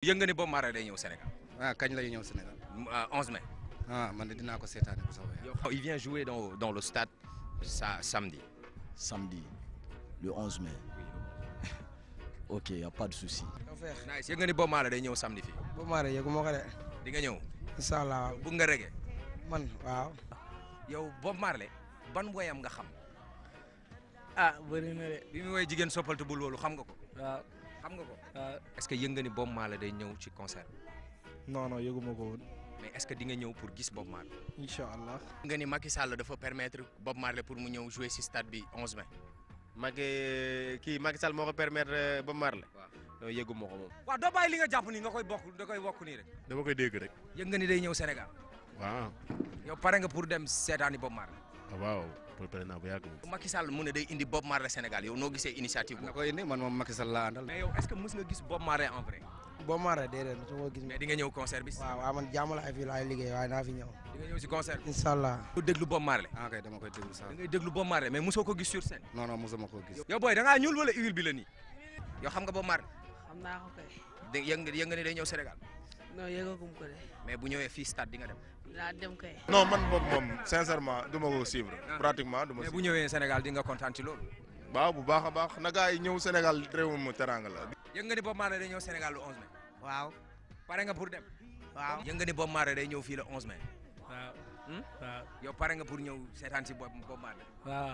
yëg nga ne Bob Marley day ñëw Sénégal. ah kañ lay ñëw Sénégal. Euh, mai. ah man de dinaa ko seetaane bu soobee. yow il dans le stade samedi. le mai. ok y' pas de souci. nice yëg nga ni Bob Marley day ñëw samedi fii. Bob Marley yëgu ma ko di nga ñëw. incha allah nga reggae. man waaw. yow Bob Marley ban woyam nga xam. ah bëri de. bi muy woy jigéen soppal te bul loolu xam nga ko. xam nga ko. Euh, est-ce que yëg nga ni Bob Marley day ñëw ci concert non non yëguma ko woon. mais est-ce que di nga ñëw pour gis Bob Marley. incha allah. nga ni Macky Sall dafa permettre Bob Marley pour mu ñëw jouer ci stade bi 11 mai. Macky kii Macky Sall moo ko permettre euh, Bob la waaw yëguma ko moom. waaw doo bàyyi li nga jàpp ni nga koy bokk da koy bokk nii rek. dama koy dégg rek. yëg nga ni day ñëw Sénégal. waaw. yow pare nga pour dem seetaani Bob Marley. Ah, waaw président bu yàgg. Macky Sall mu ne day indi Bob Marley Sénégal yow noo gisee initiative boobu. na ko indi man moom Macky Sall laa àndal. mais yow est ce que mës Bob Marley en vrai. Bob Marley déedéet ma gis. mais di nga ñëw concert bi. waaw waaw man jàmm nga ñëw nga déglu Bob Marley. ah kay dama koy gis sur scène. non non mosuma koo gis. yow booy da ñuul wala huile bi la yow xam nga Bob Marley. xam naa ne day ñëw Sénégal non mais bu ñëwee fii stade di nga dem. dinaa dem kay. non man boobu moom sincèrement du ma ko suivre. Ah. pratiquement du bu ñëwee senegal di nga kontaan ci loolu. bu baax a baax na gars yi ñëw Sénégal réew mu teranga la. yëg nga ni Bob Marley day ñëw Sénégal le 11 mai. waaw. pare nga pour dem. waaw yëg nga ni Bob day ñëw fii le 11 mai. waaw. Hmm? waaw pare nga pour ñëw seetaan si Bob Marley.